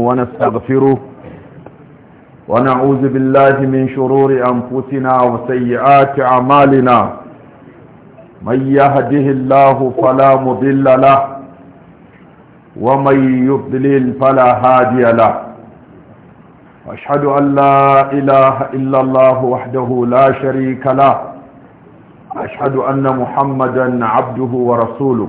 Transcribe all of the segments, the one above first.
ونستغفره ونعوذ بالله من شرور أنفسنا وسيئات أعمالنا من يهده الله فلا مضل له ومن يضلل فلا هادي له واشهد أن لا إله إلا الله وحده لا شريك له أشهد أن محمدا عبده ورسوله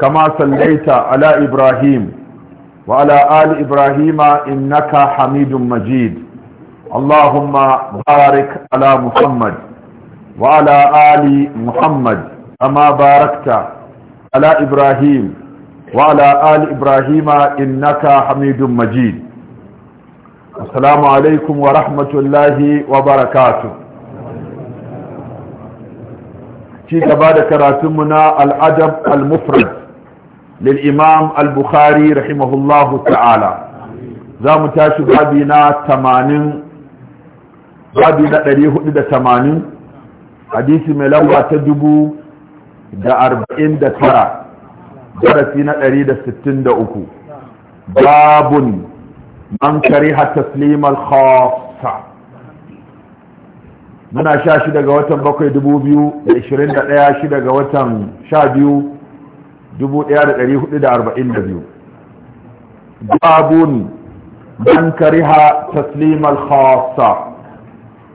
كما صليت على إبراهيم وعلى آل إبراهيم إنك حميد مجيد اللهم بارك على محمد وعلى آل محمد كما باركت على إبراهيم وعلى آل إبراهيم إنك حميد مجيد السلام عليكم ورحمة الله وبركاته في بعد كراتمنا الأدب المفرد للإمام البخاري رحمه الله تعالى زام تاشي بابنا تمانين بابنا دليه دا تمانين حديث ملوى تدبو دا أربعين دا ترى درسينا دريد ستين دا أكو باب من كره تسليم الخاصة muna sha shida ga watan bakwai dubu biyu da ishirin da ɗaya shida ga watan sha biyu 1442 babun man kariha taslimal khassa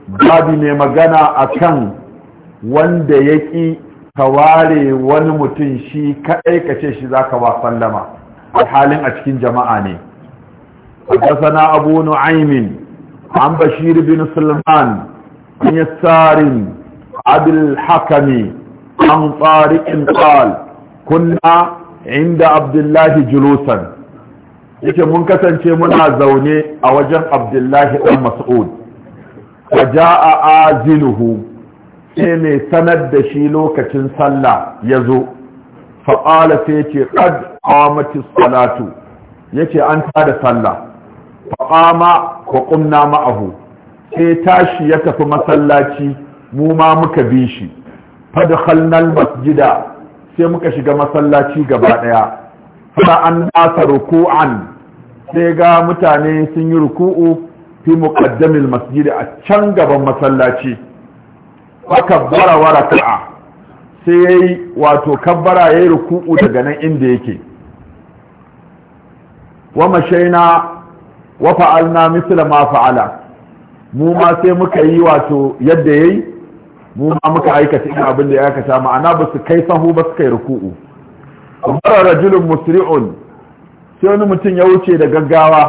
babi ne magana akan wanda yaki kaware wani mutum shi kaɗai ka ce shi zaka ba sallama alhalin a cikin jama'a ne حدثنا أبو نعيم عن An بن سلمان عن يسار عبد An عن طارق قال kunna inda abdullahi julusan yake mun kasance muna zaune a wajen abdullahi ɗan mas'ud ja a azinuhu sai mai sanar da shi lokacin sallah ya zo fa'ala sai ce qad qamati salatu yace an tada sallah fa'ama wa qumna ma'ahu sai tashi ya tafi masallaci mu ma muka bi shi fadkhalna masjida sai muka shiga masallaci gaba daya fa an nasa ruku'an sai ga mutane sun yi ruku'u fi muqaddamil masjidi. a can gaban masallaci fa kabbara wa raka'a sai yayi wato kabbara yayi ruku'u daga nan inda yake wa mashaina wa fa'alna misla ma fa'ala mu ma sai muka yi wato yadda yayi mu ma muka aikata ina abin da ya aikata ma'ana ba su kai sahu ba su kai ruku'u kamar rajulun musri'un sai wani mutum ya wuce da gaggawa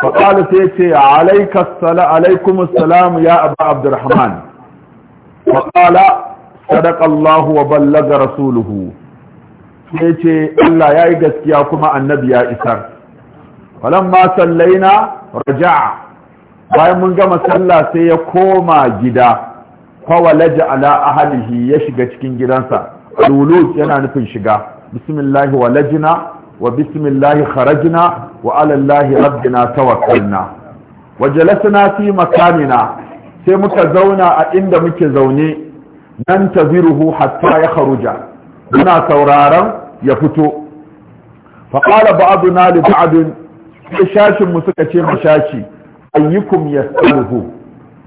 fa qala sai ce alayka sala alaykum assalam ya abu abdurrahman fa qala sadaqa allah wa ballaga rasuluhu sai ce Allah yayi gaskiya kuma annabi ya isar falamma sallaina raja'a bayan mun gama sallah sai ya koma gida fawalaji ala ahalihi ya shiga cikin gidansa lulu yana nufin shiga bismillahi walajina wa bismillahi kharajna wa alallahi rabbina tawakkalna wa jalasna fi makanina sai muka zauna a inda muke zaune nan taziruhu hatta ya kharuja muna sauraron ya fito fa qala ba'duna li ba'd shashin mu suka ce mashashi ayyukum yasaluhu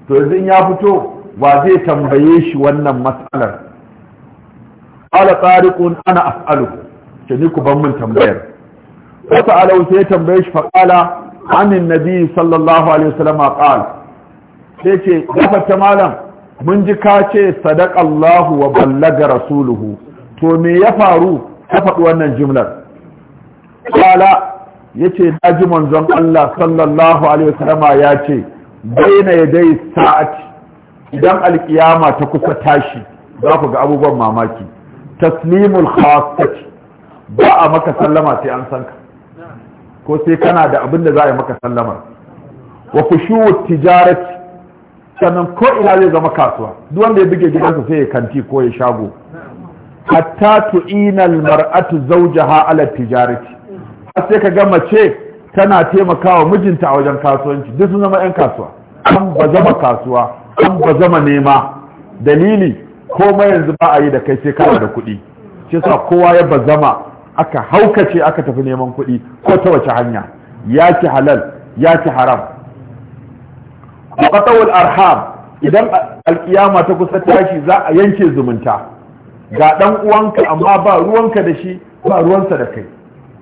to yanzu ya fito Ba zai tambaye shi wannan matsalar ala tsarikun ana af'alu ce ni ku ban min tambayar wata alau sai tambaye shi faƙala anin nabi sallallahu alaihi wasallam qala sai ce gafarta malam mun ji ka ce sadaqallahu wa ballaga rasuluhu to me ya faru ka faɗi wannan jimlar qala yace na ji manzon Allah sallallahu alaihi wasallam ya ce na ya dai sa'ati idan alƙiyama ta kusa tashi za ku ga abubuwan mamaki taslimul khassati ba a maka sallama sai an san ko sai kana da abin da za a yi maka sallama wa kushuwar tijarati sannan ko ina zai zama kasuwa duk wanda ya buge gidansa sai ya kanti ko ya shago hatta tu'ina mar'atu zawjaha ala tijarati har sai ka ga mace tana taimakawa mijinta a wajen kasuwanci duk sun zama yan kasuwa an ba zama kasuwa an ba zama nema dalili ko ma yanzu ba a yi da kai sai kana da kuɗi shi sa kowa ya ba zama aka haukace aka tafi neman kuɗi ko ta wace hanya ya ki halal ya ki haram qatawul arham idan alkiyama ta kusa tashi za a yanke zumunta ga dan uwanka amma ba ruwanka da shi ba ruwansa da kai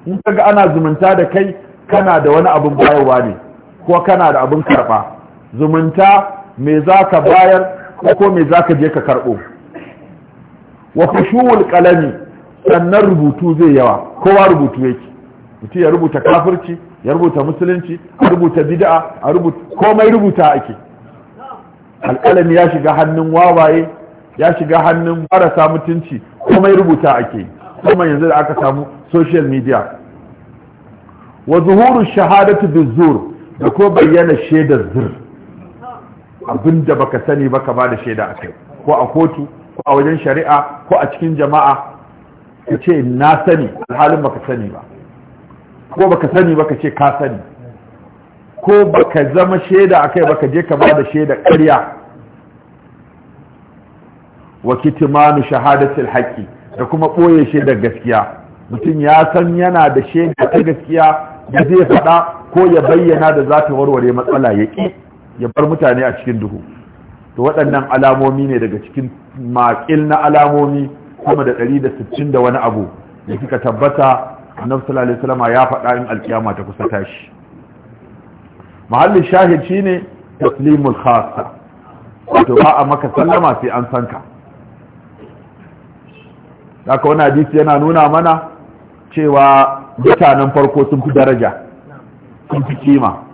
in kaga ana zumunta da kai kana da wani abin bayarwa ne ko kana da abin karɓa. zumunta me za ka bayar ko me za ka je ka karɓo wa kushuwul qalami sannan rubutu zai yawa kowa rubutu yake mutum ya rubuta kafirci ya rubuta musulunci a rubuta bid'a a rubuta komai rubuta ake alƙalami ya shiga hannun wawaye ya shiga hannun marasa mutunci komai rubuta ake kuma yanzu da aka samu social media wa zuhuru shahadatu bizur da ko bayyana shaidar zur Abin da baka sani ba ka bada shaida a kai. ko a kotu ko a wajen shari'a ko a cikin jama'a ka ce na sani alhalin baka sani ba ko baka sani ba ka ce ka sani ko baka zama shaida a akai ka je ka bada shaida ƙarya wa kitimanu shahadatul haqqi da kuma boye shaida gaskiya mutum ya san yana da shaida ta gaskiya da zai faɗa ko ya bayyana da za warware matsala ya ƙi ya bar mutane a cikin duhu to waɗannan alamomi ne daga cikin maƙil na alamomi sama da 160 da wani abu da kika tabbata annabi sallallahu alaihi wasallam ya faɗa in alkiyama ta kusa tashi mahallin shahid shine taslimul khassa wato ba a maka sallama sai an san ka haka wani hadisi yana nuna mana cewa mutanen farko sun fi daraja sun fi kima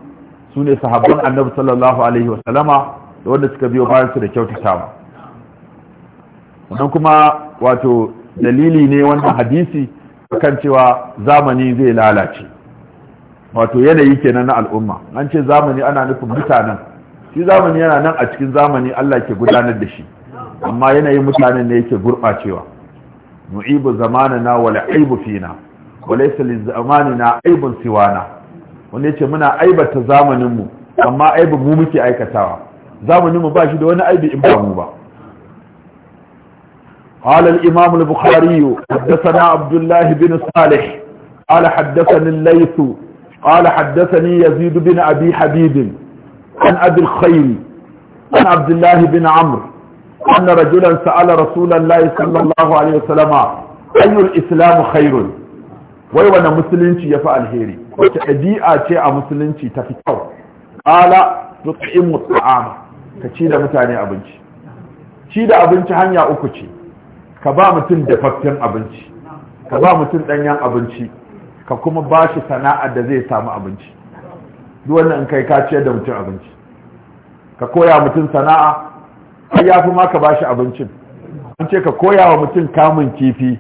su ne sahabban annabi sallallahu alaihi wasallama da wanda suka biyo bayan su da kyautatawa wannan kuma wato dalili ne wannan hadisi kan cewa zamani zai lalace wato yanayi kenan na al'umma an ce zamani ana nufin mutanen shi zamani yana nan a cikin zamani Allah ke gudanar da shi amma yanayin mutanen ne yake gurɓacewa nu'ibu zamanana wala aibu fina walaysa li zamanina aibun siwana wanda yace muna aibata zamanin mu amma aibin mu muke aikatawa zamanin mu ba shi da wani aibi in ba mu ba قال الإمام البخاري حدثنا عبد الله بن صالح قال حدثني الليث قال حدثني يزيد بن أبي حبيب عن أبي الخيل عن عبد الله بن عمرو أن رجلا سأل رسول الله صلى الله عليه وسلم أي الإسلام خير ويوانا مسلمين يفعل هيري wata ɗabi'a ce a musulunci ta fi kyau ƙala tut'imu ta'ama ka ci da mutane abinci ci da abinci hanya uku ce ka ba mutum dafaffen abinci ka ba mutum ɗanyen abinci ka kuma ba shi sana'ar da zai samu abinci duk wannan in kai ka ciyar da mutum abinci ka koya mutum sana'a ai fi ma ka ba shi abincin an ce ka koya wa mutum kamun kifi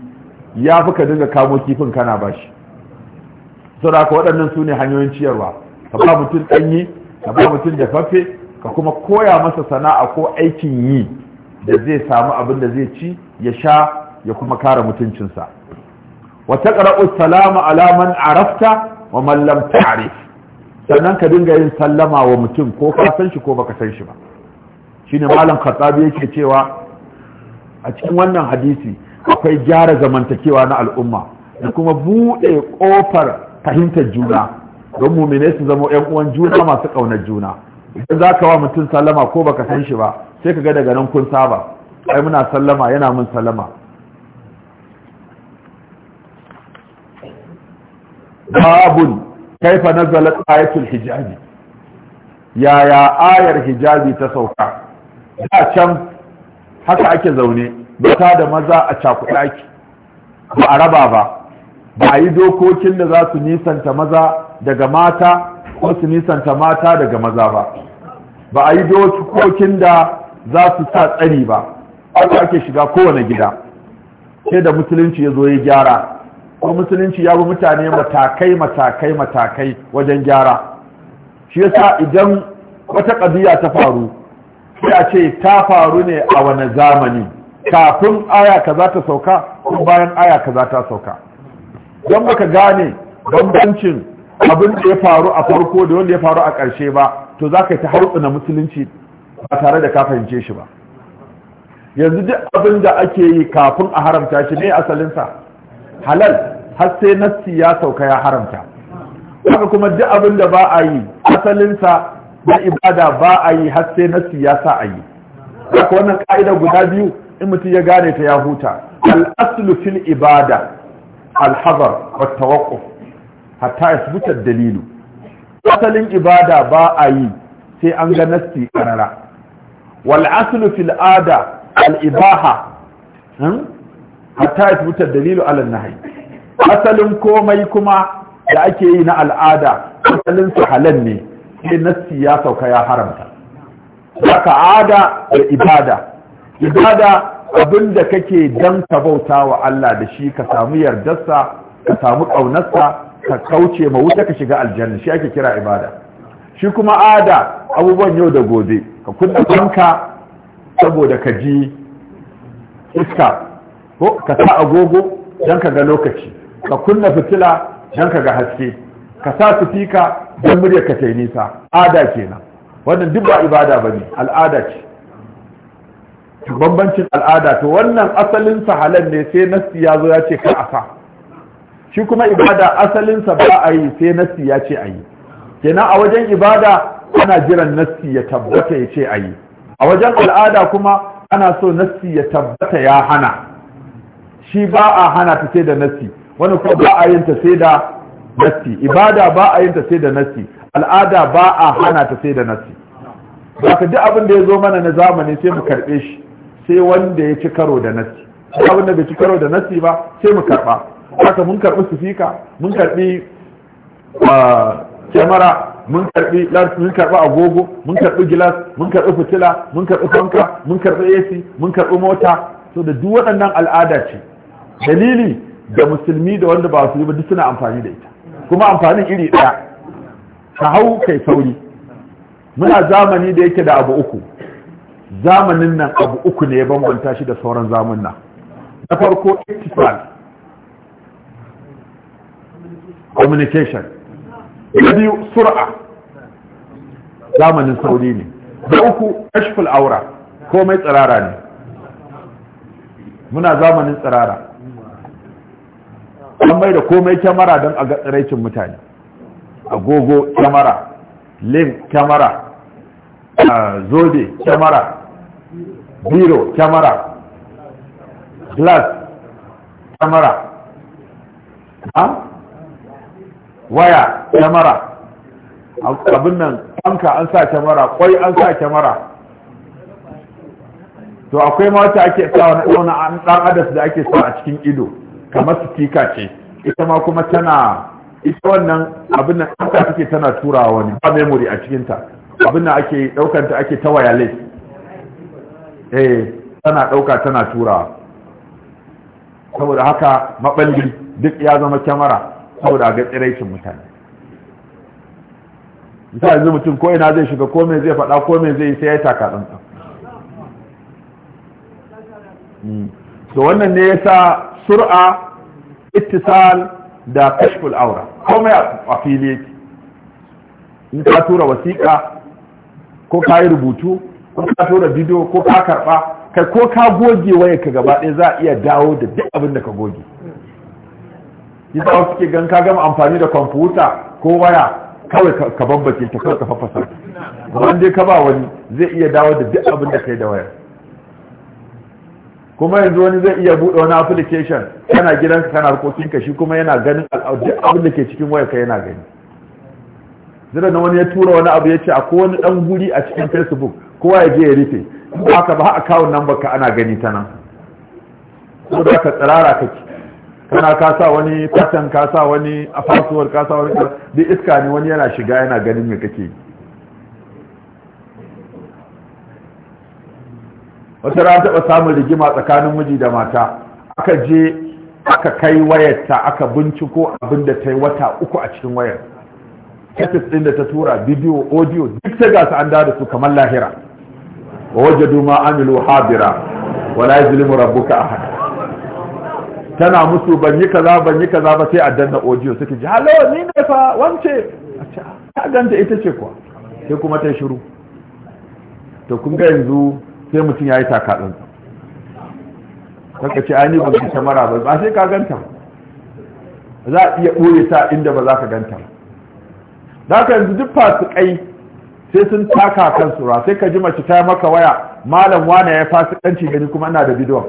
Ya fi ka dinga kamo kifin kana ba shi saboda haka waɗannan su ne hanyoyin ciyarwa ka ba mutum ɗanyi ka ba mutum dafaffe ka kuma koya masa sana'a ko aikin yi da zai samu abin da zai ci ya sha ya kuma kare mutuncinsa wa taqra'u salama ala arafta wa man lam sannan ka dinga yin sallama wa mutum ko ka san shi ko baka san shi ba shine malam khatabi yake cewa a cikin wannan hadisi akwai gyara zamantakewa na al'umma da kuma buɗe ƙofar fahimtar juna don mumine su zama yan uwan juna masu ƙaunar juna idan za ka wa mutum sallama ko baka san shi ba sai ka ga daga nan kun saba ai muna sallama yana mun sallama babun kaifa nazala ayatul hijabi yaya ayar hijabi ta sauka da can haka ake zaune mata da maza a cakuɗaki ba a raba ba ba a yi dokokin da za su nisanta maza daga mata ko su nisanta mata daga maza ba ba a yi dokokin da za su sa tsari ba aka ake shiga kowane gida sai da musulunci ya zo ya gyara ko musulunci ya bi mutane matakai matakai matakai wajen gyara shi yasa idan wata ƙabiya ta faru sai ce ta faru ne a wane zamani kafin aya za ta sauka ko bayan aya za ta sauka don baka gane bambancin abin da ya faru a farko da wanda ya faru a ƙarshe ba to za ka yi ta hautsina musulunci ba tare da ka fahimce shi ba yanzu duk abin da ake yi kafin a haramta shi ne asalinsa halal har sai nassi ya sauka ya haramta haka kuma duk abin da ba a yi asalinsa na ibada ba a yi har sai nassi ya sa a yi haka wannan ka'ida guda biyu in mutum ya gane ta ya huta al-aslu fil ibada alhazar wata waƙo hatta ya subutar dalilu asalin ibada ba a yi sai an ga nasti karara. wal aslu fil ada al ibaha hmm? hatta ya subutar dalilu alal nahi asalin komai kuma da ake yi na al'ada asalin su halal ne sai nasti ya sauka ya haramta haka ada da ibada ibada abin da kake dan ka bauta wa Allah da shi ka samu yardarsa ka samu ƙaunarsa ka kauce ma wuta ka shiga aljanna shi ake kira ibada shi kuma ada abubuwan yau da gobe ka kunna banka saboda ka ji iska ko ka sa agogo don ka ga lokaci ka kunna fitila don ka ga haske ka sa sufika don murya ka ta nisa ada kenan wannan duk ba ibada bane al'ada ce bambancin al'ada to wannan asalin sa halal ne sai nasti ya zo ya ce ka asa shi kuma ibada asalin sa ba a yi sai nasti ya ce a yi kenan a wajen ibada ana jiran nasti ya tabbata ya ce a yi a wajen al'ada kuma ana so nasti ya tabbata ya hana shi ba a hana ta sai da nasti wani kuma ba a yin ta sai da nasti ibada ba a yin ta sai da nasti al'ada ba a hana ta sai da nasti ba ka duk abin da ya zo mana na zamani sai mu karɓe shi sai wanda ya ci karo da nassi abin da bai ci karo da nassi ba sai mu karba haka mun karbi sufika mun karbi ah, kyamara mun karbi mun karbi agogo mun karbi gilas mun karbi fitila mun karbi fanka mun karbi AC mun karbi mota to da duk waɗannan al'ada ce dalili da musulmi da wanda ba su yi ba duk suna amfani da ita kuma amfanin iri ɗaya ka hau kai sauri muna zamani da yake da abu uku zamanin nan abu uku ne ya bambanta shi da sauran nan. na farko ittifal communication na biyu sur'a zamanin sauri ne da uku kashful aura komai tsirara ne muna zamanin tsirara an mai da komai kyamara don a ga tsiraicin mutane agogo kyamara link kyamara ah, zobe kyamara biro kyamara glass kyamara ha waya kyamara abin nan fanka an sa kyamara kwai an sa kyamara to akwai ma wata ake sa wani dan adas da ake sa a cikin ido kamar tika ce ita ma kuma tana ita wannan abin nan ta take tana turawa wani ba memory a cikinta. abin nan ake daukanta ake ta wireless eh tana ɗauka tana turawa saboda haka maɓalli duk ya zama kyamara saboda ga tsiraicin mutane ta yanzu mutum ko ina zai shiga ko me zai faɗa ko me zai yi sai ya taka ɗansa hmm. to wannan ne ya sa sur'a ittisal da kashful aura komai a fili in ka tura wasiƙa ko ka yi rubutu ko ka tura bidiyo ko ka karba kai ko ka goge waya ka gaba ɗaya za a iya dawo da duk abin da ka goge yasa wasu suke gan ka gama amfani da kwamfuta ko waya kawai ka bambace ta kawai ka fafasa wani dai ka ba wani zai iya dawo da duk abin da kai da waya kuma yanzu wani zai iya buɗe wani application kana gidanka kana ka shi kuma yana ganin duk abin da ke cikin waya ka yana gani zira na wani ya tura wani abu ya ce a wani ɗan guri a cikin facebook kowa ya je ya rufe ba ka ba akawun nan baka ana gani ta nan ko da ka tsirara ka ci kana ka sa wani kwatan ka sa wani a fasuwar ka sa wani duk iska ne wani yana shiga yana ganin me kake wata rana taɓa samun rigima tsakanin miji da mata aka je aka kai wayarta aka binciko abin da ta yi wata uku a cikin wayar kasis ɗin da ta tura bidiyo audio duk ta gasa an da su kamar lahira wa wajadu ma amilu hadira wala yuzlimu rabbuka ahad tana musu ban yi kaza ban yi kaza ba sai a danna audio suke ji halo ni ne fa wance ta ganta ita ce kuwa sai kuma ta shiru to kun ga yanzu sai mutum ya yi takaɗin kaka ce ai ni ban ta mara ba ba sai ka ganta za a iya ɓoye ta inda ba za ka ganta Za ka yanzu duk fasikai sai sun taka kan sura sai ka ji mace ta maka waya malam wane ya kanci gani kuma ina da bidiyon.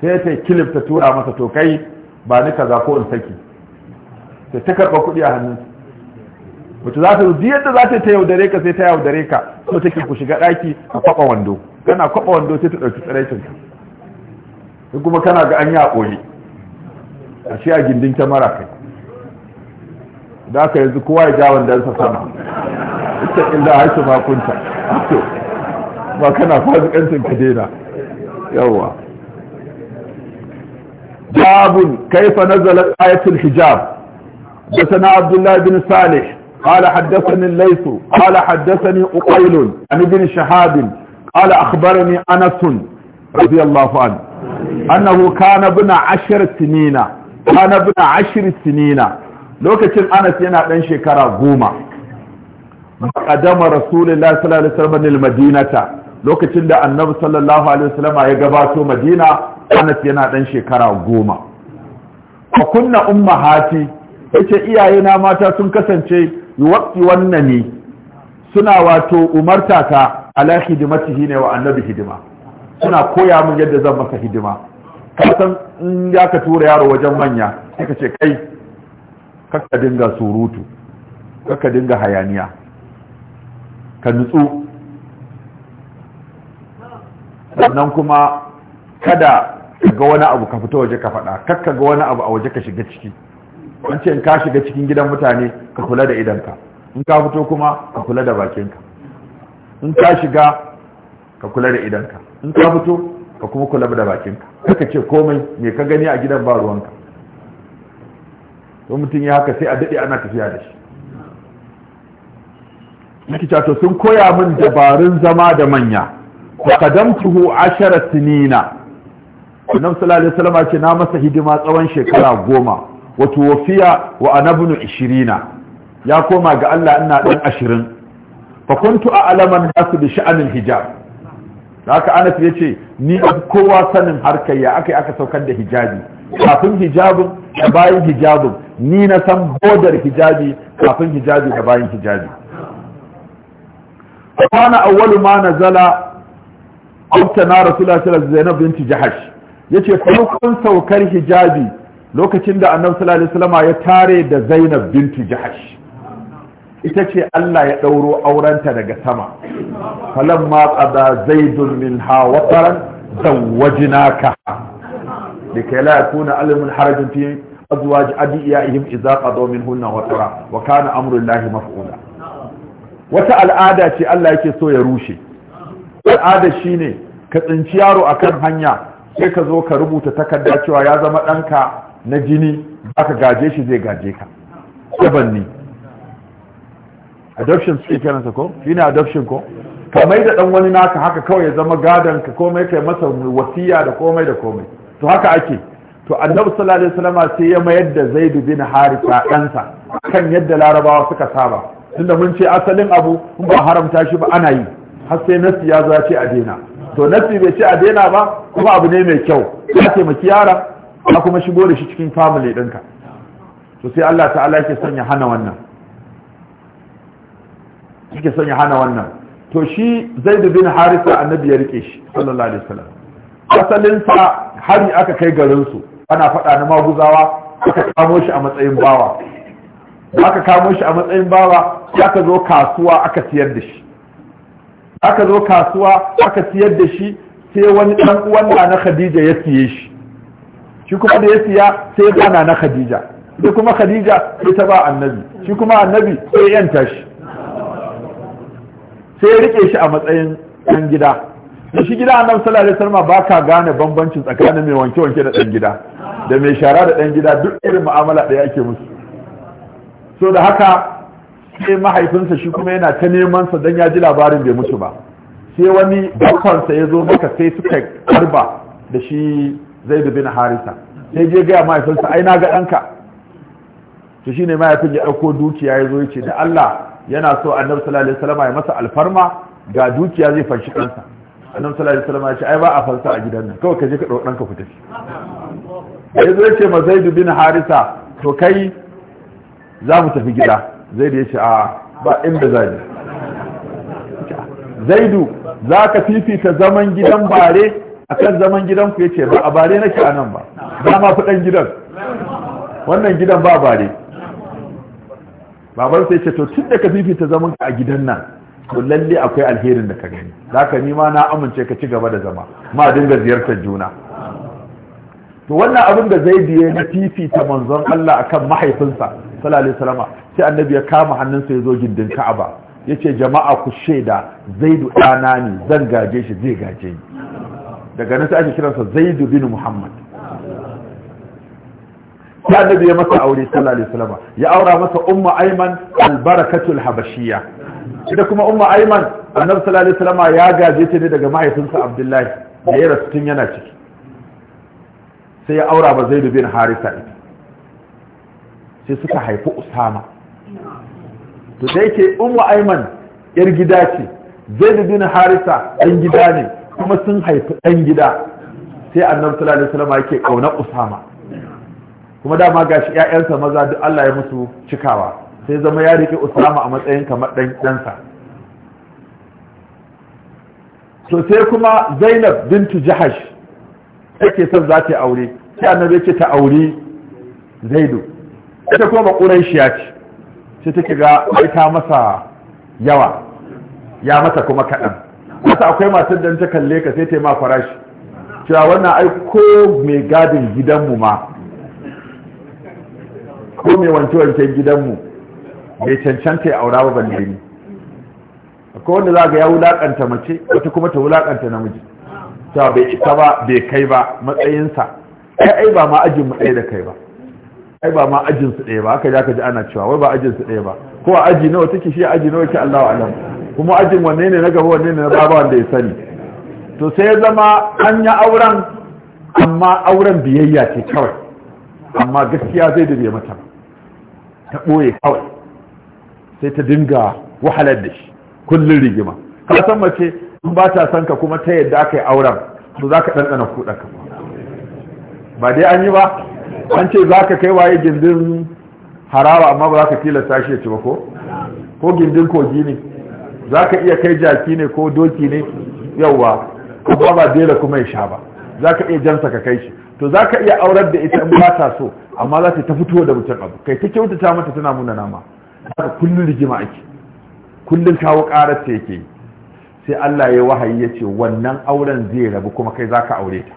sai ta kilif ta tura masa to kai ba ni kaza ko in saki sai ta karɓa kuɗi a hannun wacce za ta zo yadda za ta yaudare ka sai ta yaudare ka so take ku shiga ɗaki a kwaɓa wando kana kwaɓa wando sai ta ɗauki tsiraikin ka kuma kana ga an yi a ƙoli a shi a gindin mara kai da aka yanzu kowa ya ja wandansa sama ita inda haishi makunta to ba kana fasu ƙancin ka dena yawwa jawabun kaifa nazala ayatul hijab da sana abdullahi bin salih قال حدثني الليث قال حدثني أقيل عن ابن Anasun? قال أخبرني أنس رضي الله عنه أنه كان ابن عشر سنين كان ابن عشر سنين lokacin anas yana ɗan shekara goma kadama rasulullahi sallallahu alaihi wasallam madinata lokacin da annabi sallallahu alaihi wasallam ya gabato madina anas yana ɗan shekara goma fa kunna ummahati yace iyaye na mata sun kasance yuwaqti wannani suna wato umarta ta ala hidimatihi ne wa annabi hidima suna koya min yadda zan masa hidima kasan in ya ka tura yaro wajen manya sai ka ce kai kaka dinga surutu kaka dinga hayaniya ka nutsu sannan kuma kada ka ga wani abu ka fito waje ka faɗa kakka ga wani abu a waje ka shiga ciki wance in ka shiga cikin gidan mutane ka kula da idanka in ka fito kuma ka kula da bakinka in ka shiga ka kula da idanka in ka fito ka kuma kula da bakinka kaka ce komai me ka gani a gidan ba ruwanka to mutum ya haka sai a daɗe ana tafiya da shi likita to sun koya min dabarun zama da manya fa kadamtuhu ashara sinina annabi sallallahu alaihi wasallam ce na masa hidima tsawon shekara goma wato wafiya wa anabnu 20 ya koma ga Allah ina dan ashirin. fa kuntu a'lamu an nasu bi sha'anil hijab da haka anas ya ce ni kowa sanin harkar ya aka aka saukar da hijabi kafin hijabin da bayan hijabin ni na san bodar hijabi kafin hijabi da bayan hijabi kana awwalu ma nazala auta na rasula sallallahu zainab binti jahash yace farkon saukar hijabi lokacin da annabi sallallahu alaihi wasallam ya tare da zainab binti jahash ita ce Allah ya ɗauro aurenta daga sama falon ma tsada zaidun min zawajina ka. da kai la kuna alimin harajin fi azwaji adiyaihim idza qadaw minhunna watara wa kana amurin lahi maf'ula wata al'ada ce Allah yake so ya rushe al'ada shi ne, ka tsinci yaro a kan hanya sai ka zo ka rubuta takarda cewa ya zama ɗanka na jini aka gaje shi zai gaje ka ni. adoption suke kiransa ko ne adoption ko ka mai da dan wani naka haka kawai ya zama gadon ka komai kai masa wasiya da komai da komai to haka ake to annabi sallallahu alaihi wasallam sai ya mayar da zaid bin harisa ɗansa kan yadda larabawa suka saba tunda mun ce asalin abu in ba haramta shi ba ana yi har sai nasi ya zo ya ce a daina to nasi bai ce a daina ba kuma abu ne mai kyau ya taimaki yara ka kuma shigo da shi cikin family ɗinka to sai Allah ta'ala yake son ya hana wannan yake son ya hana wannan to shi zaid bin harisa annabi ya rike shi sallallahu alaihi wasallam asalin sa hari aka kai garinsu. su ana faɗa na maguzawa aka kamo shi a matsayin bawa aka kamo shi a matsayin bawa aka zo kasuwa aka siyar da shi aka zo kasuwa aka siyar da shi sai wani dan uwan na Khadija ya siye shi shi kuma da ya siya sai ba na Khadija ita kuma Khadija sai ta ba annabi shi kuma annabi sai yanta shi sai ya rike shi a matsayin ɗan gida da shi gida annabi sallallahu alaihi wasallam ba ka gane bambancin tsakanin mai wanke wanke da ɗan gida da mai shara da ɗan gida duk irin mu'amala ɗaya yake musu so da haka sai mahaifinsa shi kuma yana ta neman sa dan ya ji labarin bai mutu ba sai wani bakonsa ya zo maka sai suka karba da shi zaid bin harisa sai je ga mahaifinsa ai na ga ɗanka to shine mahaifin ya ɗauko dukiya ya zo ya da Allah yana so annabi sallallahu alaihi wasallam ya masa alfarma ga dukiya zai fanshi kansa annabi sallallahu alaihi wasallam ya ce ai ba a fansa a gidan nan kawai kaje ka dau danka ku tafi ya zo ce ma zaid bin harisa to kai za mu tafi gida zaid ya ce a ba inda za ni zaidu za ka fifita zaman gidan bare akan zaman gidan ku ya ce ba a bare nake a nan ba dama fi dan gidan wannan gidan ba bare baban sai ce to tun da ka fifita zaman ka a gidan nan to lalle akwai alherin da ka gani zaka ka ma na amince ka ci gaba da zama ma dinga ziyartar juna to wannan abin da zaidi ya na fifita manzon Allah akan mahaifinsa sallallahu alaihi wasallam sai annabi ya kama hannunsa ya zo gindin Ka'aba Ya ce jama'a ku shaida zaidu ɗana ne zan gaje shi zai gaje ni daga nan sai ake kiransa zaidu bin muhammad ya annabi ya masa aure sallallahu alaihi wasallam ya aura masa ummu ayman albarakatul habashiyya da kuma ummu ayman annabi sallallahu alaihi wasallam ya gaje ta ne daga mahaifinsa abdullahi da ya rasu tun yana ciki sai ya aura ba zaidu bin harisa ita sai suka haifi usama to da yake ummu ayman yar gida ce zaidu bin harisa ɗan gida ne kuma sun haifi ɗan gida sai annabi sallallahu alaihi wasallam yake kauna usama kuma dama ga gashi ƴaƴansa maza duk Allah ya musu cikawa sai zama ya rike Usama a matsayin kamar dan ɗansa to sai kuma Zainab bintu Jahash take son za ta aure sai annabi ya ce ta aure Zaidu ita kuma ba Qurayshiya ce sai take ga ai ta masa yawa ya mata kuma kaɗan wata akwai matar da ta kalle ka sai ta ma farashi cewa wannan ai ko mai gadin gidanmu ma ko mai wance-wancen gidanmu mai cancanta ya aura ba balle ni akwai wanda za ga ya wulakanta mace wata kuma ta wulakanta namiji ta bai isa ba bai kai ba matsayinsa ai ai ba ma ajin mu ɗaya da kai ba ai ba ma ajin su ɗaya ba haka za ka ji ana cewa wai ba ajin su ɗaya ba ko a aji nawa take shi aji nawa ke Allahu alam kuma ajin wanne ne na gaba wanne ne na baba wanda ya sani to sai ya zama an yi auren amma auren biyayya ce kawai amma gaskiya zai dire mata ba ta ɓoye kawai sai ta dinga wahalar da shi kullum rigima ka san mace in ba ta san ka kuma ta yadda aka yi auren to za ka ɗanɗana kuɗa ka ba dai an yi ba an ce za ka kai waye gindin harawa amma ba za ka tilasta shi ya ci ba ko ko gindin kogi ne za ka iya kai jaki ne ko doki ne yauwa ba ba dela kuma ya sha ba za ka iya jansa ka kai shi to za ka iya aurar da ita in ba ta so amma za ta fito da mutum abu kai ta kyautata mata tana muna nama ka kullum rigima ake kullum kawo karar ta yake sai Allah ya wahayi ya ce wannan auren zai rabu kuma kai za ka aure ta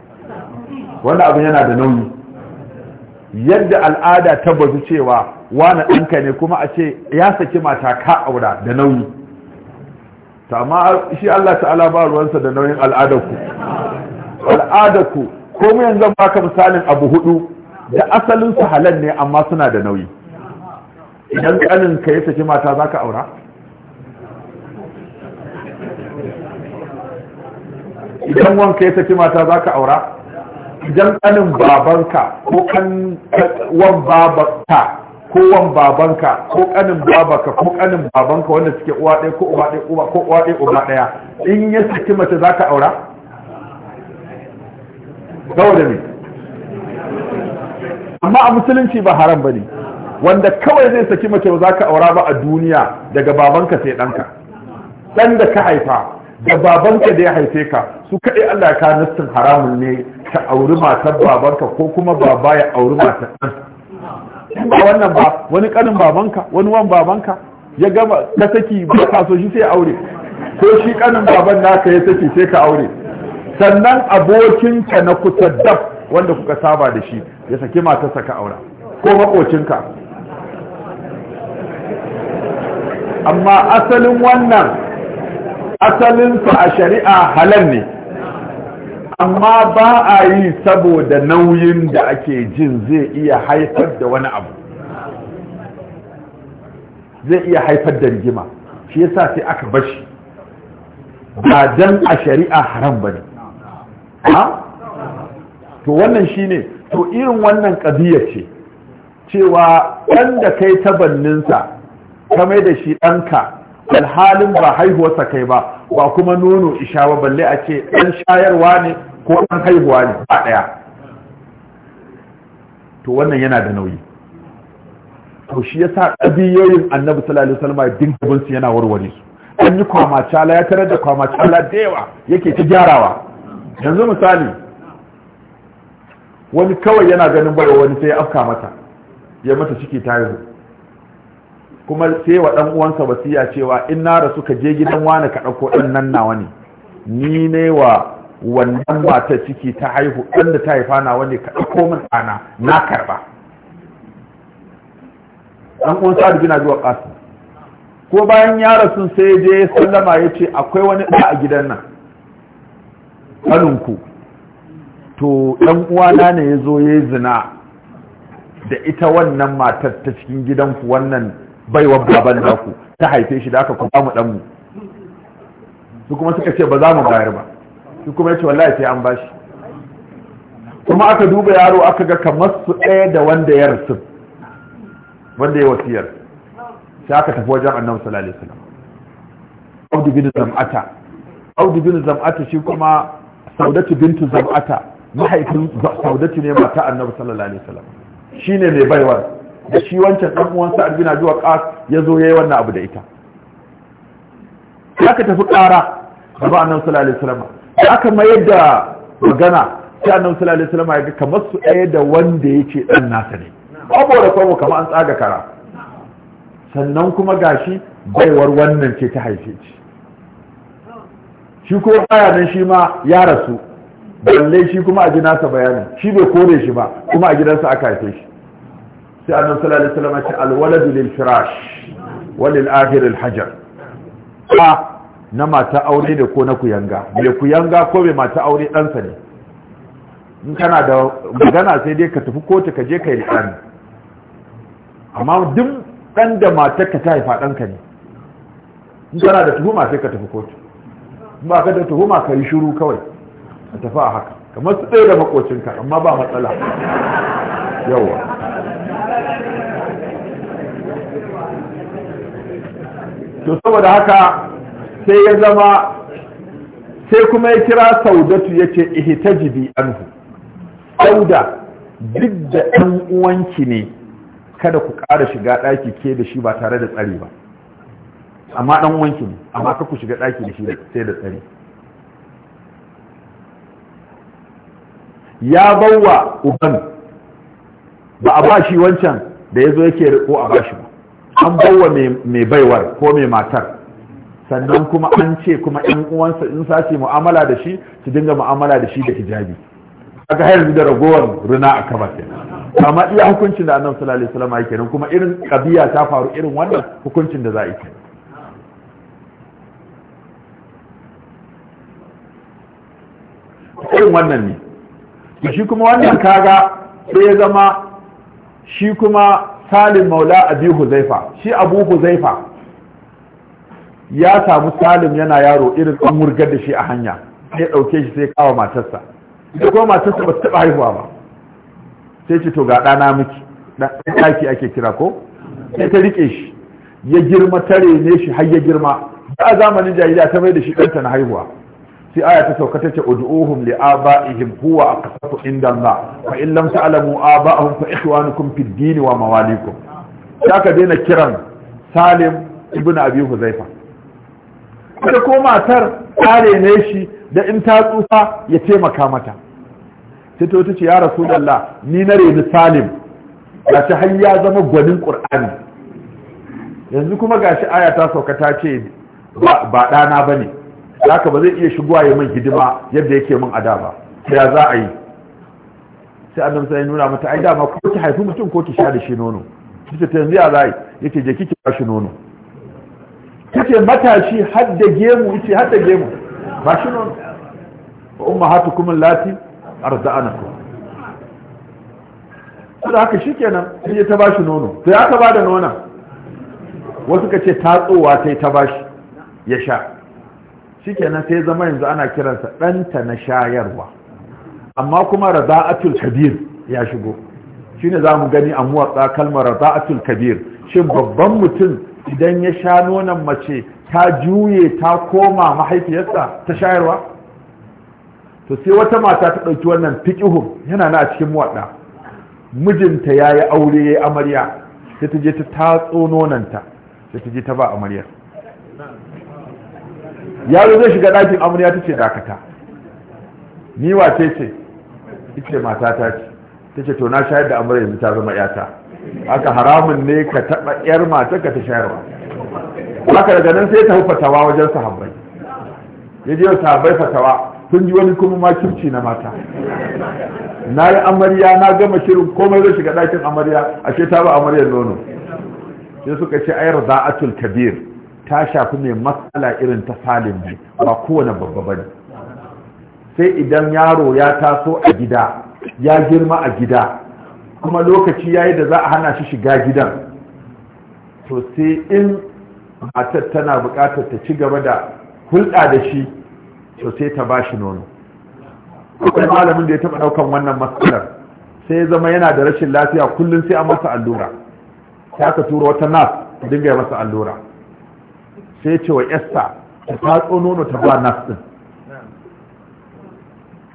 wannan abin yana da nauyi yadda al'ada ta bazu cewa wani ɗanka ne kuma a ce ya saki mata ka aura da nauyi ta amma shi Allah ta'ala ba ruwansa da nauyin al'adarku al'adarku ko mu yanzu baka misalin abu hudu da asalin su halal ne amma suna da nauyi idan kanin ka ya saki mata zaka aura idan wanka ya saki mata zaka aura idan kanin babanka ko kan wan babanka ko wan babanka ko kanin babanka ko kanin babanka wanda suke uwa ɗaya ko uba ɗaya ko uwa ɗaya uba ɗaya in ya saki mata zaka aura saboda me amma a musulunci ba haram ba ne wanda kawai zai saki mace ba za ka aura ba a duniya daga babanka sai ɗanka ɗan da ka haifa da babanka da ya haife ka su kaɗai Allah ya kawo nassin haramun ne ka auri matar babanka ko kuma baba ya auri matar ɗan ba wannan ba wani ƙanin babanka wani wan babanka ya gama ka saki ba ka so shi sai aure ko shi ƙanin baban naka ya saki sai ka aure sannan abokinka na kusa dab wanda kuka saba da shi ya saki mata ka aura ko makocinka amma asalin wannan asalinsa a shari'a halal ne amma ba a yi saboda nauyin da ake jin zai iya haifar da wani abu zai iya haifar da rigima shi yasa sai aka bashi ba dan a shari'a haram bane ha to wannan shi ne, to irin wannan ƙabiya ce cewa ɗan da kai tabanninsa ka mai da shi ɗanka alhalin ba haihuwarsa kai ba ba kuma nono isha ba balle a ce ɗan shayarwa ne ko ɗan haihuwa ne ba ɗaya to wannan yana da nauyi to shi ya sa ƙabiyoyin annabi sallallahu alaihi wasallam din gaban yana warware su an yi kwamacala ya tarar da kwamacala da yawa yake ta gyarawa yanzu misali wani kawai yana ganin baiwa wani sai ya afka mata ya mata ciki ta haihu kuma sai wa dan uwansa wasiya cewa in na rasu ka je gidan wani ka ɗauko ɗan nan nawa ne ni ne wa wannan mata ciki ta haihu ɗan da ta haifa nawa ne ka ɗauko min ɗana na karba dan uwan sa bin zuwa ƙasa ko bayan ya rasu sai je sallama ce akwai wani ɗa a gidan nan ƙaninku to ɗan uwana ne ya zo ya yi zina da ita wannan matar ta cikin gidanku wannan baiwa baban naku ta haife shi da aka kuma mu ɗanmu su kuma suka ce ba za mu bayar ba su kuma ya ce wallahi sai an bashi kuma aka duba yaro aka ga kamar su ɗaya da wanda ya rasu wanda ya wasiyar sai aka tafi wajen annabi sallallahu alaihi wasallam audu bin zam'ata audu bin zam'ata shi kuma saudatu bintu zab'ata mahaifin saudatu ne mata annabi sallallahu alaihi wasallam shine mai baiwar da shi wancan dan uwan sa albina zuwa qas yazo yayi wannan abu da ita aka tafi ƙara gaba annabi sallallahu alaihi wasallam aka mayar da magana sai annabi sallallahu alaihi wasallam ya ga kamar su ɗaya da wanda yake dan nasa ne abu da kuma kamar an tsaga kara sannan kuma gashi baiwar wannan ce ta haife shi shi ko baya nan shi ma ya rasu balle shi kuma a gina sa bayanin shi bai kore shi ba kuma a gidansa aka haife shi sai annabi sallallahu alaihi wasallam ya ce alwaladu lil firash walil akhir al hajar a na mata aure da ko na kuyanga bai kuyanga ko bai mata aure sa ne in kana da magana sai dai ka tafi kotu ka je ka yi amma duk ɗan da matar ka ta haifa ɗanka ne in kana da tuhuma sai ka tafi kotu ba ka da tuhuma ka yi shiru kawai a tafi a haka kamar su ɗaya da makocinka amma ba matsala yawa to saboda haka sai ya zama sai kuma ya kira saudatu ya ce jibi anhu sauda duk da ɗan uwanki ne kada ku ƙara shiga ɗaki ke da shi ba tare da tsari ba amma dan wanki ne amma ka ku shiga daki da shi sai da tsari ya bawa uban ba a shi wancan da ya zo yake riko a bashi ba an bawa mai baiwar ko mai matar sannan kuma an ce kuma yan uwansa in sace mu'amala da shi su dinga mu'amala da shi da hijabi aka hayar da ragowar runa a kaba amma iya hukuncin da annabi sallallahu alaihi wasallam yake nan kuma irin kabiya ta faru irin wannan hukuncin da za a yi irin wannan ne shi kuma wannan kaga sai ya zama shi kuma salim maula abi huzaifa shi abu huzaifa ya samu salim yana yaro irin an wurgar da shi a hanya sai ɗauke shi sai kawo matarsa ita kuma matarsa ba ta taɓa haihuwa ba sai ce to ga ɗana miki ɗaki ake kira ko sai ta rike shi ya girma tare ne shi har ya girma Ba a zamanin jahiliya ta mai da shi ɗanta na haihuwa sai aya ta sauka tace ud'uhum li aba'ihim huwa aqsatu inda Allah fa in daina kiran Salim ibn Abi Huzaifa ko matar kare shi da in ta tsufa ya taimaka mata sai ta wata ce ya rasulullah ni na reni Salim ga ta zama gwanin Qur'ani yanzu kuma gashi aya ta sauka ce ba ɗana bane haka ba zai iya shigowa ya min hidima yadda yake min a da ba ya za a yi sai annabi sai nuna mata ai dama ko ki haifi mutum ko ki sha da shi nono kike ta yanzu ya za yi yace je kike ba shi nono kike matashi har da gemu yace har da gemu ba shi nono wa ummahatukum allati arda'anakum da haka shikenan sai ta ba shi nono to ya ka ba da nonon wasu ka ce tatsowa sai ta bashi ya sha shikenan sai zama yanzu ana kiransa ɗanta na shayarwa amma kuma raza'atul kabir ya shigo shine za mu gani a muwatsa kalmar raza'atul kabir shin babban mutum idan ya sha nonon mace ta juye ta koma mahaifiyarsa ta shayarwa to sai wata mata ta ɗauki wannan fiƙihun yana na a cikin muwaɗa mijinta ya yi aure ya yi amarya sai ta je ta tatso nononta sai ta je ta ba amaryar yaro zai shiga ɗakin amarya ta ce dakata ni wa ce ita matata ce ta ce to na shayar da amarya yanzu ta zama yata haka haramun ne ka taɓa yar mata ka ta shayarwa haka daga nan sai ta hau fatawa wajen sahabbai ya je sahabbai fatawa sun ji wani kuma makirci na mata na yi amarya na gama shirin komai zai shiga ɗakin amarya ashe ta ba amaryar nono sai suka ce ayar za'atul kabir ta shafi mai matsala irin ta salim ne ba kowane babba ba ne. sai idan yaro ya taso a gida ya girma a gida kuma lokaci yayi da za a hana shi shiga gidan to sai in matar tana buƙatar ta ci gaba da hulɗa da shi to sai ta ba shi nono akwai malamin da ya taɓa ɗaukan wannan matsalar sai ya zama yana da rashin lafiya kullum sai an masa allura ta ka tura wata nas dinga ya masa allura sai ce wa Esther ta tatso nono ta ba nas din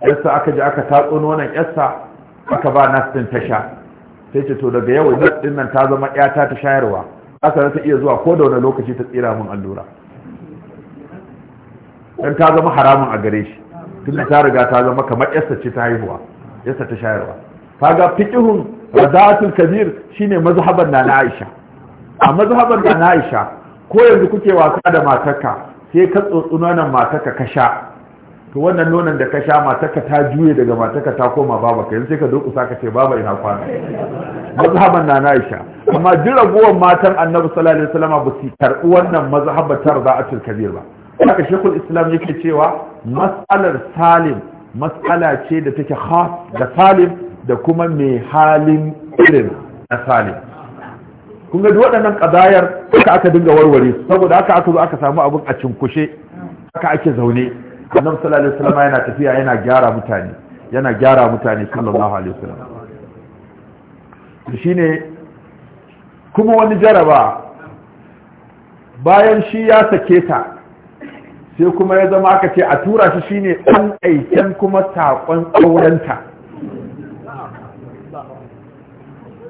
Esther aka je aka tatso nonon Esther aka ba nas din ta sha sai ce to daga yau nas din nan ta zama ƴata ta shayarwa aka rasa iya zuwa ko da wani lokaci ta tsira min allura dan ta zama haramun a gare shi tunda ta riga ta zama kamar Esther ce ta haihuwa Esther ta shayarwa kaga fikihun rada'atul kabir shine mazhaban na Aisha a mazhaban na Aisha ko yanzu kuke wasa da matarka sai ka tsotsi nonon matarka ka sha to wannan nonon da ka sha matarka ta juye daga matarka ta koma baba ka yanzu sai ka ka ce baba ina kwana mazhaban na Aisha amma duk ragowar matan Annabi sallallahu alaihi wasallam ba su karɓi wannan mazhabar tarza'atul kabir ba haka shekul islam yake cewa matsalar salim masala ce da take khas da salim da kuma mai halin irin na salim kun ga waɗannan ƙazayar haka aka dinga warware saboda aka aka zo aka samu abin a cinkushe aka ake zaune annabi sallallahu alaihi wasallam yana tafiya yana gyara mutane yana gyara mutane sallallahu alaihi wasallam shine kuma wani jaraba bayan shi ya sake ta sai kuma ya zama aka ce a tura shi shine ɗan aiken kuma saƙon aurenta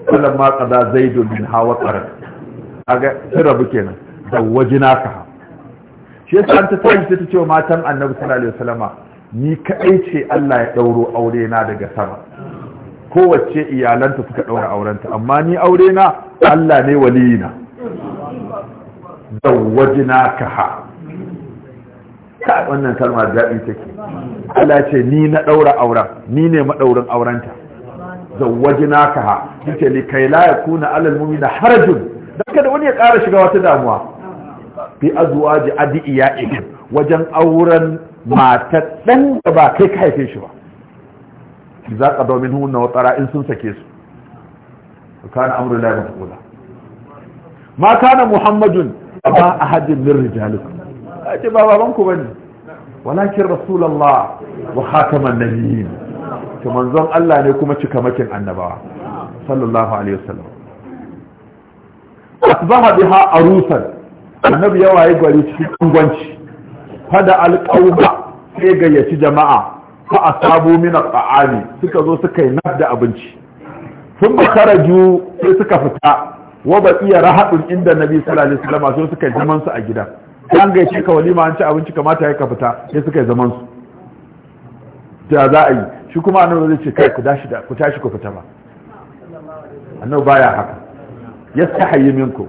kullum ma kaza zaidu min hawa tsara kaga ga buke kenan da waje naka shi yasa an ta tashi ta ce matan annabi sallallahu alaihi wasallama ni kaɗai ce Allah ya dauro aure na daga sama kowace iyalanta suka daura aurenta amma ni aure na Allah ne waliyina zawwajina kaha ka wannan kalma daɗi take Allah ce ni na ɗaura auren ni ne maɗaurin aurenta zawwajnakaha yace li kai la yakuna alal mu'mina harajun dan kada wani ya ƙara shiga wata damuwa fi azwaji adiyaihim wajen auren matar dan da ba kai ka haife shi ba za ka domin hunna wa tsara in sun sake su kana amru la mas'ula ma kana muhammadun aba ahadin min rijalikum aje ba baban ku bane walakin rasulullah wa khataman nabiyyin to manzon Allah ne kuma cikamakin annabawa sallallahu alaihi wasallam asbaha biha arusan annabi ya waye gari cikin angwanci fada alqauma sai gayyaci jama'a fa asabu min al-ta'ami suka zo suka yi nafda abinci sun karaju sai suka fita wa iya rahadun inda nabi sallallahu alaihi wasallam sai suka zaman su a gida ga gaice ka walima an ci abinci kamata ya ka fita sai suka zaman su da za a yi shi kuma annabi zai ce kai ku tashi ku tashi ku fita ba annabi baya haka yastahi minkum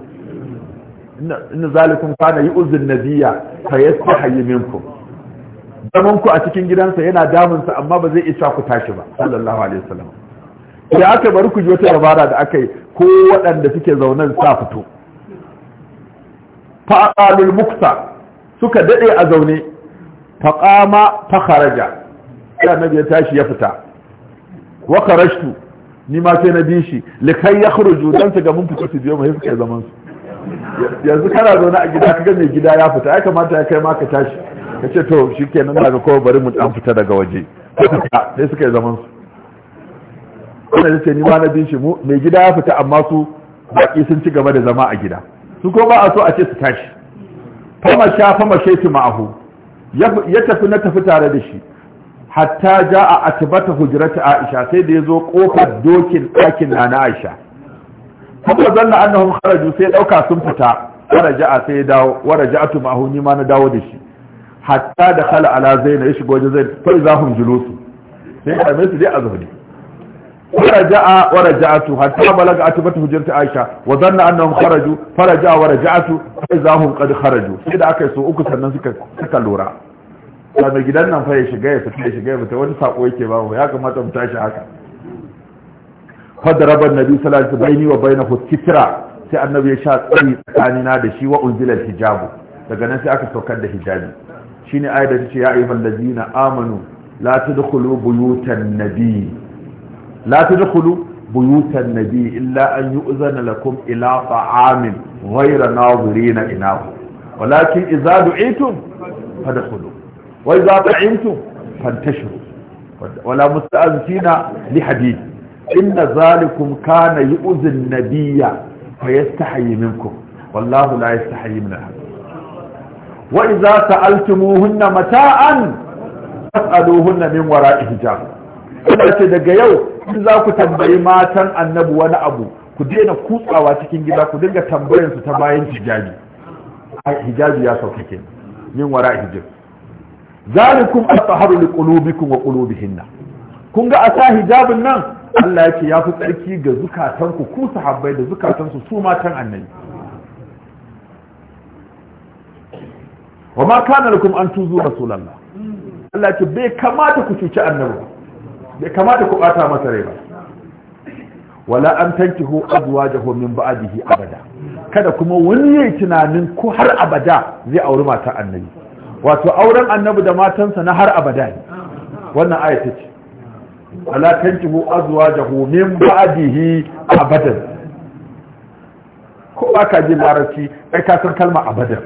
inna zalikum kana yu'zun nabiyya fa yastahi minkum zaman ku a cikin gidansa yana damunsa amma ba zai isa ku tashi ba sallallahu alaihi wasallam ya aka bari ku ji wata dabara da aka yi ko waɗanda suke zaunan sa fito fa'alul muksa suka dade a zaune faqama kharaja sai annabi ya tashi ya fita wa karashtu ni ma sai na bi shi kai ya kharuju dan su ga mun fita su biyo mu suka zaman su yanzu kana zaune a gida ga mai gida ya fita ai kamata ya kai ma ka tashi ka ce to shi ke nan daga kowa bari mu dan fita daga waje sai suka yi zaman su wannan ce ni ma na bi shi mu mai gida ya fita amma su baki sun ci gaba da zama a gida su ko ba a so a ce su tashi fama sha fama shaitu ma'ahu ya tafi na tafi tare da shi hatta a atibata hujrata aisha sai da yazo kofar dokin ɗakin na aisha kuma zanna annahum kharaju sai dauka sun fita ja'a sai ya dawo waraja'atu ma huni ma na dawo da shi hatta da khala ala zaina ya shigo wajen zaina fa hum julusu sai ya mai su dai ja'a, wara ja'atu. hatta balaga atibata hujrata aisha wa zanna annahum kharaju wara ja'atu, fa hum qad kharaju sai da aka yi su uku sannan suka suka lura da mai gidan nan fa ya shiga ya fita ya shiga ya fita wani sako yake ba mu ya kamata mu tashi haka fadaraba annabi sallallahu alaihi wasallam baini wa bainahu titra sai annabi ya sha tsari na da shi wa unzila hijabu daga nan sai aka saukar da hijabi shine ayat da ce ya ayyuhal ladina amanu la tadkhulu buyutan nabi la tadkhulu buyutan nabi illa an yu'zana lakum ila ta'amin ghayra nazirina inahu walakin idza du'itum fadkhulu wai za ta intu fantashiru wala musta'azina li hadith inna zalikum kana yu'zin nabiyya fa yastahi minkum wallahu la yastahi min ahad wa idza sa'altumuhunna mata'an fas'aluhunna min wara'i hijab ina ce daga yau in za ku tambayi matan annabi wani abu ku daina kutsawa cikin gida ku dinga tambayar ta bayan hijabi hijabi ya sauke min wara'i hijab zalikum atahharu liqulubikum wa qulubihinna kun ga asa hijabin nan Allah ya ce ya fi tsarki ga zukatanku ku sahabbai da zukatansu su matan annabi wa ma kana lakum an tuzu rasulullah Allah ce bai kamata ku cuci annabi bai kamata ku bata masa rai ba wala an tankihu azwajahu min ba'dihi abada kada kuma wani yayi tunanin ko har abada zai auri mata annabi wato auren annabi da matansa na har abada ne wannan ayyata ce wala tankihu jahu, min ba'dihi abadan ko aka ji larabci kai ka san kalma abadan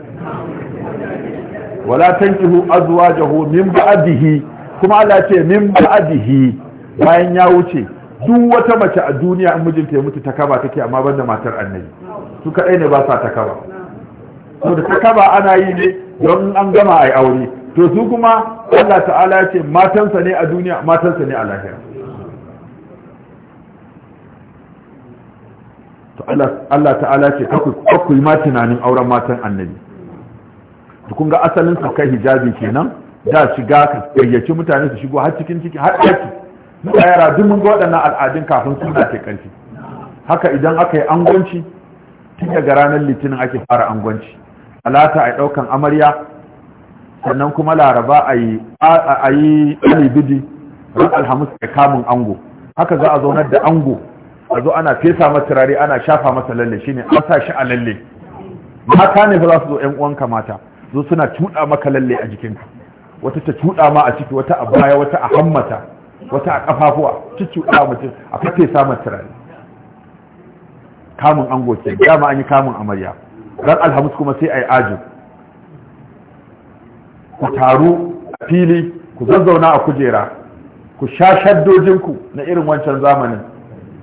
wala tankihu jahu, min ba'dihi kuma Allah ce min ba'dihi bayan ya wuce duk wata mace a duniya in mijinta ya mutu ta kaba take amma banda matar annabi su kadai ne ba sa ta kaba to da ta kaba ana yi ne don an gama a yi aure to su kuma Allah ta'ala ya ce matansa ne a duniya matansa ne a lahira to Allah ta'ala ce kakwai ma tunanin auren matan annabi to kun ga asalin kai hijabi kenan da shiga ka gayyaci mutane su shigo har cikin ciki har ɗaki na yara duk mun ga waɗannan al'adun kafin suna ke ƙarfi haka idan aka yi angonci tun daga ranar litinin ake fara angonci talata a ɗaukan amarya sannan kuma laraba a yi alibidi ran alhamis da kamun ango haka za a zaunar da ango a zo ana fesa masa ana shafa masa lalle shine an sa shi a lalle mata ne za su zo yan uwanka mata zo suna cuɗa maka lalle a jikinka wata ta cuɗa ma a ciki wata a baya wata a hammata wata a kafafuwa cuɗa mutum a fafesa masa kamun ango ce dama an yi kamun amarya ran alhamis kuma sai a yi ajin ku taru a fili ku zazzauna a kujera ku sha shaddojinku na irin wancan zamanin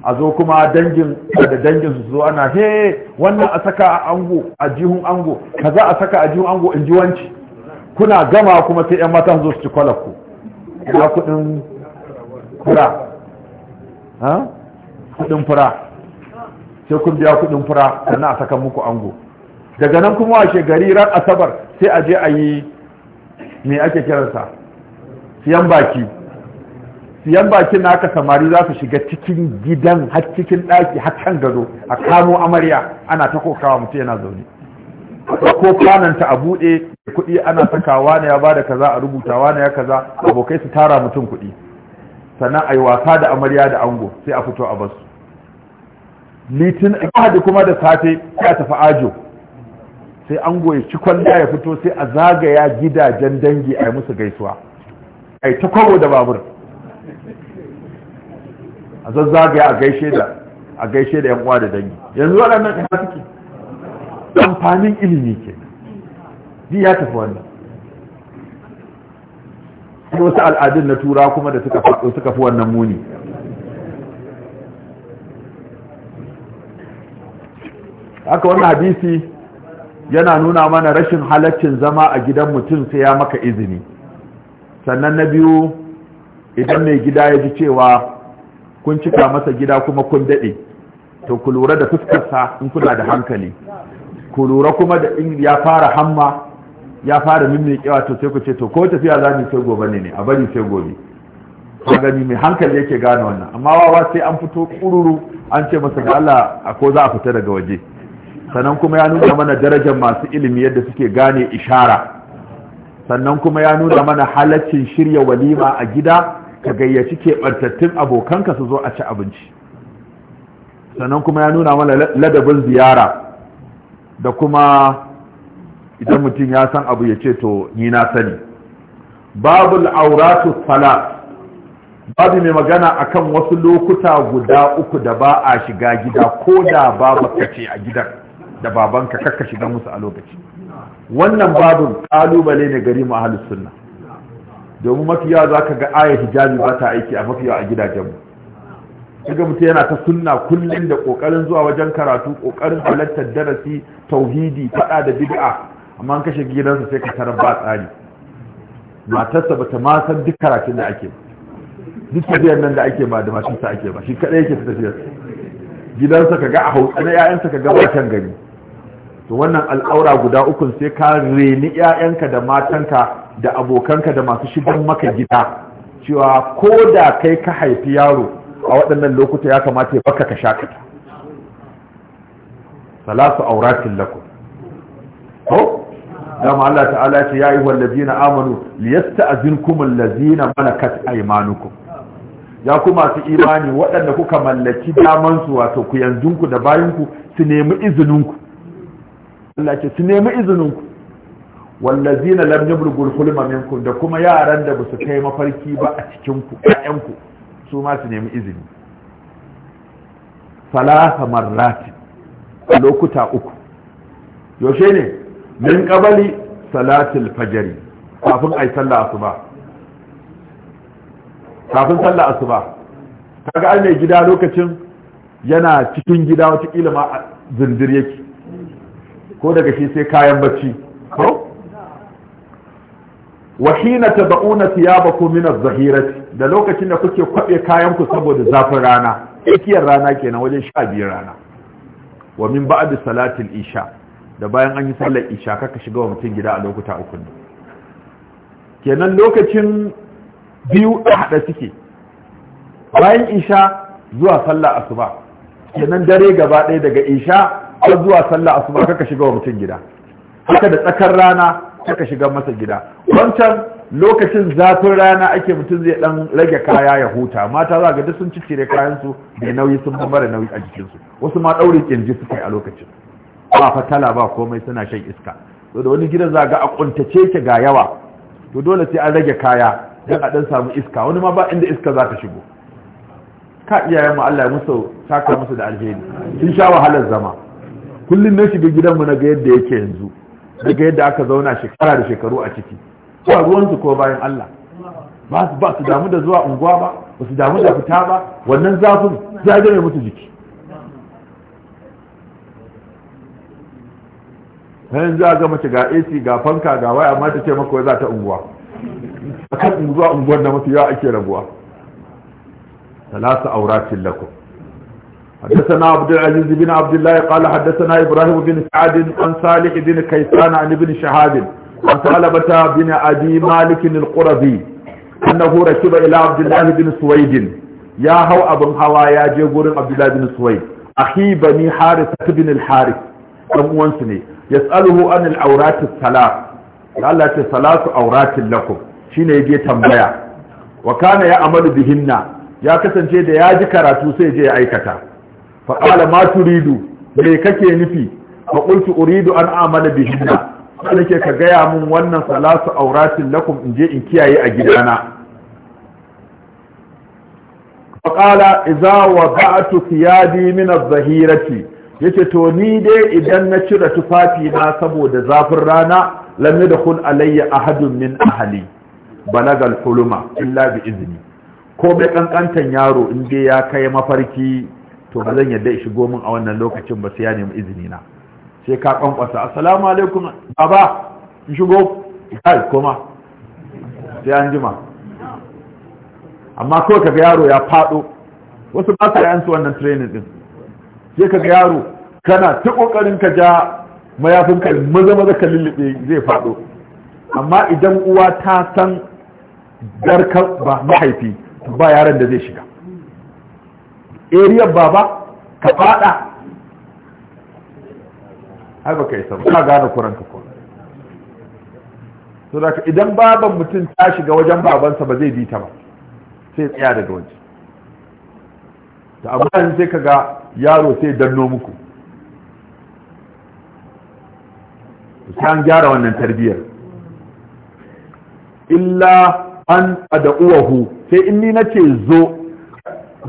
a zo kuma dangin da dangin su zo ana he wannan a saka a ango a jihun ango kaza a saka a jihun ango in ji wanci kuna gama kuma sai yan mata zo su ci kwalakku ina kudin kura ha kudin fura sai kun biya kudin fura sannan a saka muku ango daga nan kuma a gari ran asabar sai a je a yi me ake kiransa siyan baki siyan baki na aka samari za su shiga cikin gidan har cikin ɗaki har can gado a kamo amarya ana ta kokawa mutum yana zaune ko kwananta a buɗe kuɗi ana sakawa ne ya ba da kaza a rubutawa ne ya kaza abokai su tara mutum kuɗi sannan a yi wasa da amarya da ango sai a fito a basu litin ahadi kuma da safe a tafi ajo sai an goye ci kwalla ya fito sai a zagaya gidajen dangi a yi musu gaisuwa a yi ta da babur a zan a gaishe da a gaishe da yan uwa da dangi yanzu waɗannan ina suke amfanin ilimi ke ji ya tafi wannan sai wasu al'adun na tura kuma da suka fi wannan muni haka wannan hadisi yana nuna mana rashin halaccin zama a gidan mutum sai ya maka izini sannan na biyu idan mai gida ya ji cewa kun cika masa gida kuma kun daɗe to ku lura da fuskarsa in kuna da hankali ku lura kuma da in ya fara hamma ya fara mimmiƙewa to sai ku ce to ko tafiya za mu sai gobe ne a bari sai gobe ka gani mai hankali yake gane wannan amma wawa sai an fito kururu an ce masa ga Allah ko za a fita daga waje sannan kuma ya nuna mana darajar masu ilimi yadda suke gane ishara sannan kuma ya nuna mana halaccin shirya walima a gida ka gayyaci keɓantattun abokanka su zo a ci abinci sannan kuma ya nuna mana ladabin ziyara da kuma idan mutum ya san abu ya ce to ni na sani babul auratu sala babu mai magana akan wasu lokuta guda uku da ba a shiga gida ko da babu kace a gidan da babanka kakka shiga musu a lokaci wannan babin kalubale ne gari mu ahlus sunna domin mafi yawa za ka ga aya hijabi ba ta aiki a mafi yawa a gidajenmu kaga mutum yana ta sunna kullum da kokarin zuwa wajen karatu kokarin halartar darasi tauhidi fada da bid'a amma an kashe gidansa sai ka tarar ba tsari matarsa bata ma san duk karatun da ake duk tafiyar nan da ake ba da matarsa ake ba shi kadai yake tafiyar gidansa ka ga a hausa na 'ya'yansa ga ba can gani to wannan al'aura guda ukun sai ka reni 'ya'yanka da matanka da abokanka da masu shigar maka gida cewa ko da kai ka haifi yaro a waɗannan lokuta ya kamata ya baka ka shakata salatu auratin lakum ko dama Allah ta'ala ce ya yi wallazina amanu liyasta'zinkum allazina malakat aymanukum ya ku masu imani waɗanda kuka mallaki damansu wato ku yanzunku da bayanku su nemi izininku Allah ce su nemi izinin ku zina lamni bulgul hulma minkum da kuma yaran da basu kai mafarki ba a cikin ku ku su ma su nemi izini salasa marrati lokuta uku yaushe ne min qabali salatul fajri kafin ai sallah asuba kafin sallah asuba kaga ai mai gida lokacin yana cikin gida wata ma zindir yake ko daga shi sai kayan bacci ko wahina tabauna thiyabakum min az-zahirati da lokacin da kuke kwabe kayan ku saboda zafin rana tsakiyar rana kenan wajen 12 rana wa min ba'di salati al-isha da bayan an yi sallar isha kaka shiga wa mutum gida a lokuta uku kenan lokacin biyu da hada suke bayan isha zuwa sallar asuba kenan dare gaba ɗaya daga isha har zuwa sallah asuba kaka shiga wa mutum gida haka da tsakar rana kaka shiga masa gida wancan lokacin zafin rana ake mutum zai dan rage kaya ya huta mata za ga duk sun cire kayan su mai nauyi sun mara nauyi a jikin su wasu ma daure kirji suka yi a lokacin ba fatala ba komai suna shan iska to da wani gidan za ga a kuntace ke ga yawa to dole sai an rage kaya dan a dan samu iska wani ma ba inda iska za ta shigo ka iyayen mu Allah ya musu saka musu da alheri sun sha wahalar zama kullum na shiga gidanmu na ga yadda yake yanzu daga ga yadda aka zauna shekara da shekaru a ciki ko a ruwansu ko bayan Allah ba su ba su damu da zuwa unguwa ba ba su damu da fita ba wannan zafin zagaye musu jiki hanyar za a ga mace ga ac ga fanka ga waya amma ta ce maka za ta unguwa a kan unguwa unguwar da mafi yawa ake rabuwa talata auratin lakon حدثنا عبد العزيز بن عبد الله قال حدثنا إبراهيم بن سعد عن صالح بن كيسان عن ابن شهاب عن ثعلبة بن أبي مالك القرظي أنه ركب إلى عبد الله بن سويد يا هو أبن هوا يا جبر عبد الله بن سويد أخي بني حارثة بن الحارث ɗan uwansu ne yas'aluhu anil awrati salat Allah ce salatu auratin lakum shine yaje tambaya wa kana ya amalu bihinna ya kasance da ya ji karatu sai je ya aikata fa qala ma turidu me kake nufi fa qultu uridu an amala bihinna sai nake ka gaya mun wannan salasu auratin lakum in je in kiyaye a gidana fa qala idza wada'tu thiyabi min adh-dhahirati yace to ni dai idan na cire tufafi na saboda zafin rana lam yadkhul alayya ahadun min ahli balaga al-huluma illa bi izni ko bai kankantan yaro in dai ya kai mafarki to ba zan yadda shigo min a wannan lokacin ba sai ya nemi izini na sai ka kwankwasa assalamu alaikum baba in shigo kai koma sai an jima amma kawai kaga yaro ya fado wasu ba su yansu wannan training din sai ga yaro kana ta kokarin ka ja mayafin ka maza maza ka lullube zai fado amma idan uwa ta san garkar ba mahaifi ba yaran da zai shiga eriyar baba ka fada ai baka isa ba ka gane ka ko to da idan baban mutum ta shiga wajen babansa ba zai bi ba sai tsaya daga waje ta amma sai ka ga yaro sai danno muku an gyara wannan tarbiyyar illa an sai in ni na ce zo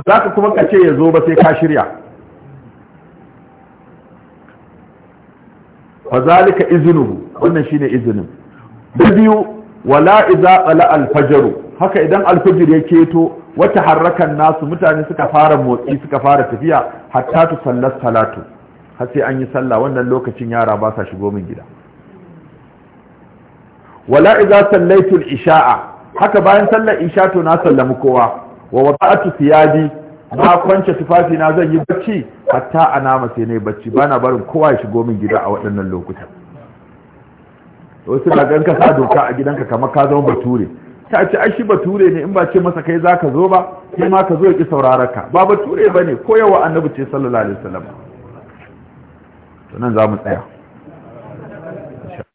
za ka kuma kace ya zo ba sai ka shirya fa zalika iznuhu wannan shine izinin da biyu wala idza qala al haka idan fajr ya keto wata harrakan nasu mutane suka fara motsi suka fara tafiya hatta tu sallas salatu har sai an yi sallah wannan lokacin yara ba sa shigo min gida wala idza sallaitu al-isha'a haka bayan sallar isha to na sallamu kowa wa wada'atu ji na kwance tufafi na zan yi bacci hatta a nama sai na yi bacci bana barin kowa ya shigo min gida a waɗannan lokuta wasu na ka sa doka a gidanka kamar ka zama bature ta ce ai shi bature ne in ba ce masa kai za ka zo ba sai ma ka zo ya ki ka. ba bature ba ne yawa annabi ce sallallahu alaihi wasallam to za mu tsaya